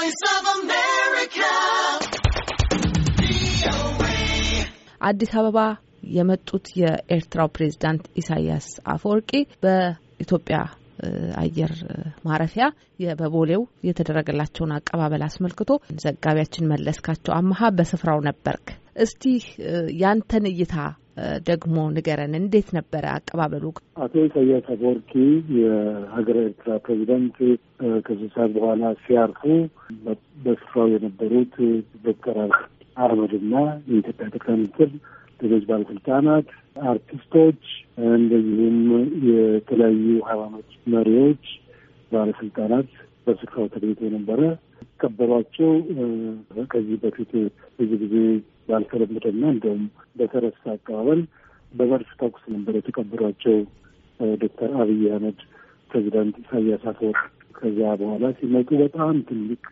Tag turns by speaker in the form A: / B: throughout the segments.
A: Voice አዲስ አበባ የመጡት የኤርትራው ፕሬዝዳንት ኢሳያስ አፈወርቂ በኢትዮጵያ አየር ማረፊያ በቦሌው የተደረገላቸውን አቀባበል አስመልክቶ ዘጋቢያችን መለስካቸው አመሀ በስፍራው ነበርክ። እስቲ ያንተን እይታ ደግሞ ንገረን፣ እንዴት ነበረ አቀባበሉ? አቶ ኢሳያስ
B: አፈወርቂ የሀገረ ኤርትራ ፕሬዚደንት ከዚህ ሰዓት በኋላ ሲያርፉ በስፍራው የነበሩት ዶክተር አህመድና የኢትዮጵያ ጠቅላይ ሚኒስትር ሌሎች ባለስልጣናት፣ አርቲስቶች፣ እንደዚሁም የተለያዩ ሃይማኖት መሪዎች፣ ባለስልጣናት በስፍራው ተገኝተው ነበረ። ቀበሯቸው ከዚህ በፊት ብዙ ጊዜ ባልተለመደና እንዲሁም በተረሳ አቀባበል በመድፍ ተኩስ ነበር የተቀበሯቸው ዶክተር አብይ አህመድ ፕሬዚዳንት ኢሳያስ አፈወርቂ። ከዚያ በኋላ ሲመጡ በጣም ትልቅ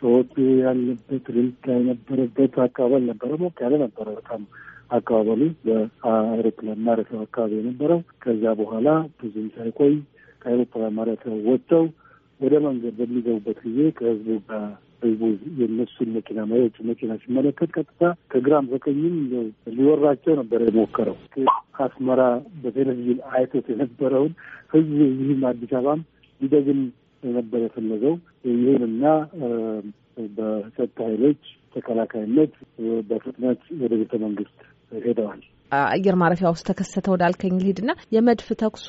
B: ጩኸት ያለበት እልልታ የነበረበት አቀባበል ነበረ። ሞቅ ያለ ነበረ በጣም አካባቢ በአውሮፕላን ማረፊያው አካባቢ የነበረው። ከዚያ በኋላ ብዙም ሳይቆይ ከአውሮፕላን ማረፊያው ወጥተው ወደ መንገድ በሚገቡበት ጊዜ ከህዝቡ ጋር ህዝቡ የነሱን መኪና ማየቱ መኪና ሲመለከት ቀጥታ ከግራም ከቀኝም ሊወራቸው ነበረ የሞከረው። አስመራ በቴሌቪዥን አይቶት የነበረውን ህዝብ ይህም አዲስ አበባም ሊደግም ነበር የፈለገው። ይህንና በጸጥታ ኃይሎች ተከላካይነት በፍጥነት ወደ ቤተ መንግስት ሄደዋል።
A: አየር ማረፊያ ውስጥ ተከሰተ ወዳልከኝ ልሂድና የመድፍ ተኩሱ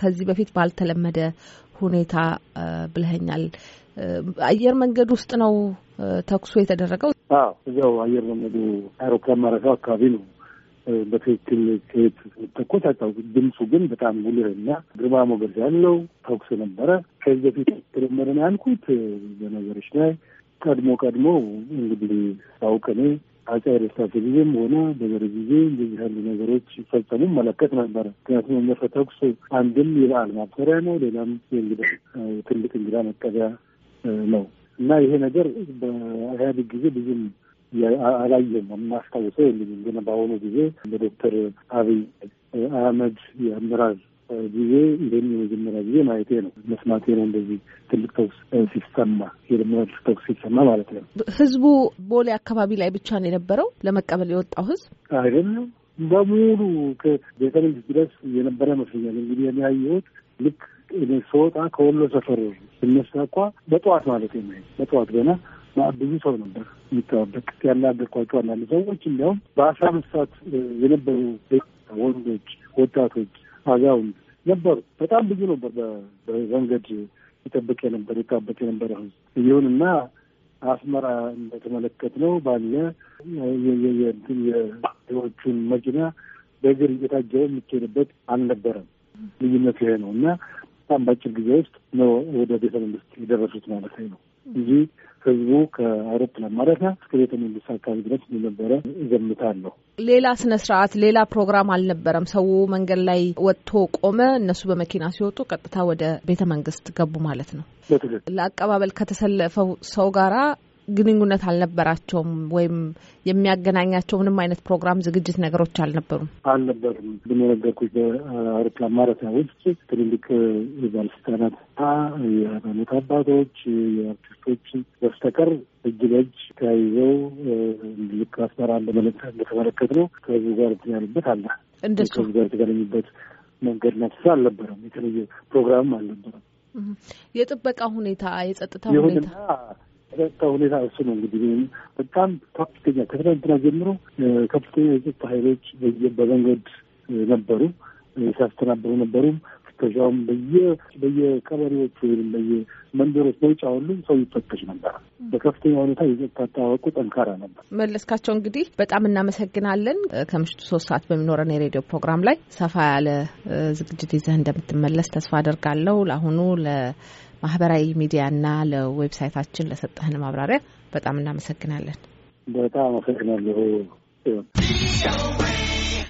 A: ከዚህ በፊት ባልተለመደ ሁኔታ ብልኸኛል። አየር መንገድ ውስጥ ነው ተኩሶ የተደረገው?
B: እዚያው አየር መንገዱ አይሮፕላን ማረፊያው አካባቢ ነው። በትክክል ከየት ተኮስ ድምፁ ግን በጣም ጉልህና ግርማ ሞገስ ያለው ተኩስ ነበረ። ከዚህ በፊት ተለመደ ነው ያልኩት። በነገሮች ላይ ቀድሞ ቀድሞ እንግዲህ ሳውቅ እኔ አጼ አርስቶቴልዝም ሆነ በዘር ጊዜ እንደዚህ ያሉ ነገሮች ሲፈጸሙ መለከት ነበረ። ምክንያቱም መለፈ ተኩስ አንድም የበዓል ማብሰሪያ ነው፣ ሌላም የእንግዳ ትልቅ እንግዳ መቀበያ ነው እና ይሄ ነገር በኢህአዴግ ጊዜ ብዙም አላየም፣ የማስታውሰው የለኝም። ግን በአሁኑ ጊዜ በዶክተር አብይ አህመድ የአመራር ጊዜ ይህን የመጀመሪያ ጊዜ ማየቴ ነው፣ መስማቴ ነው። እንደዚህ ትልቅ ተኩስ ሲሰማ የደመራ ተኩስ ሲሰማ ማለት ነው።
A: ህዝቡ ቦሌ አካባቢ ላይ ብቻ ነው የነበረው ለመቀበል የወጣው ህዝብ
B: አይደለም፣ በሙሉ ቤተ መንግስት ድረስ የነበረ ይመስለኛል። እንግዲህ እኔ ያየሁት ልክ እኔ ስወጣ ከወሎ ሰፈር ስነሳ እኳ በጠዋት ማለት ነው በጠዋት ገና ብዙ ሰው ነበር የሚጠባበቅ። ያናገርኳቸው አንዳንድ ሰዎች እንዲያውም በአስራ አምስት ሰዓት የነበሩ ወንዶች ወጣቶች አዛውንት ነበሩ። በጣም ብዙ ነበር በመንገድ ይጠብቅ የነበር ይታበቅ የነበረ ህዝብ። ይሁንና አስመራ እንደተመለከት ነው ባለ የዎቹን መኪና በእግር እየታጀበ የሚካሄድበት አልነበረም። ልዩነት ይሄ ነው እና በጣም በአጭር ጊዜ ውስጥ ነው ወደ ቤተ መንግስት የደረሱት ማለት ነው። ብዙ ህዝቡ ከአውሮፕላን ማረፊያ እስከ ቤተ መንግስት አካባቢ ድረስ እንደነበረ እገምታለሁ።
A: ሌላ ስነ ስርዓት፣ ሌላ ፕሮግራም አልነበረም። ሰው መንገድ ላይ ወጥቶ ቆመ። እነሱ በመኪና ሲወጡ ቀጥታ ወደ ቤተ መንግስት ገቡ ማለት ነው። በትክክል ለአቀባበል ከተሰለፈው ሰው ጋራ ግንኙነት አልነበራቸውም ወይም የሚያገናኛቸው ምንም አይነት ፕሮግራም፣ ዝግጅት ነገሮች አልነበሩም
B: አልነበሩም። ብንነገርኩች በአውሮፕላን ማረፊያ ውስጥ ትልልቅ የባለስልጣናትና የሃይማኖት አባቶች፣ የአርቲስት በስተቀር እጅ ለእጅ ተያይዘው ልክ አስመራ እንደተመለከት ነው ከህዝቡ ጋር እንትን ያሉበት አለ። ከህዝቡ ጋር የተገናኙበት መንገድ ስፍራ አልነበረም። የተለየ ፕሮግራምም አልነበረም።
A: የጥበቃ ሁኔታ፣ የጸጥታ ሁኔታ
B: የጸጥታ ሁኔታ እሱ ነው እንግዲህ በጣም ከፍተኛ ከትናንትና ጀምሮ ከፍተኛ የጸጥታ ኃይሎች በመንገድ ነበሩ፣ ሲያስተናብሩ ነበሩም ፍተሻውም በየ በየቀበሌዎቹ ወይም በየመንደሮች መውጫ ሁሉ ሰው ይፈተሽ ነበር። በከፍተኛ ሁኔታ የጸጥታ አጠባበቁ ጠንካራ ነበር።
A: መለስካቸው፣ እንግዲህ በጣም እናመሰግናለን። ከምሽቱ ሶስት ሰዓት በሚኖረን የሬዲዮ ፕሮግራም ላይ ሰፋ ያለ ዝግጅት ይዘህ እንደምትመለስ ተስፋ አደርጋለሁ። ለአሁኑ ለማህበራዊ ሚዲያና ለዌብሳይታችን ለሰጠህን ማብራሪያ በጣም እናመሰግናለን።
B: በጣም አመሰግናለሁ።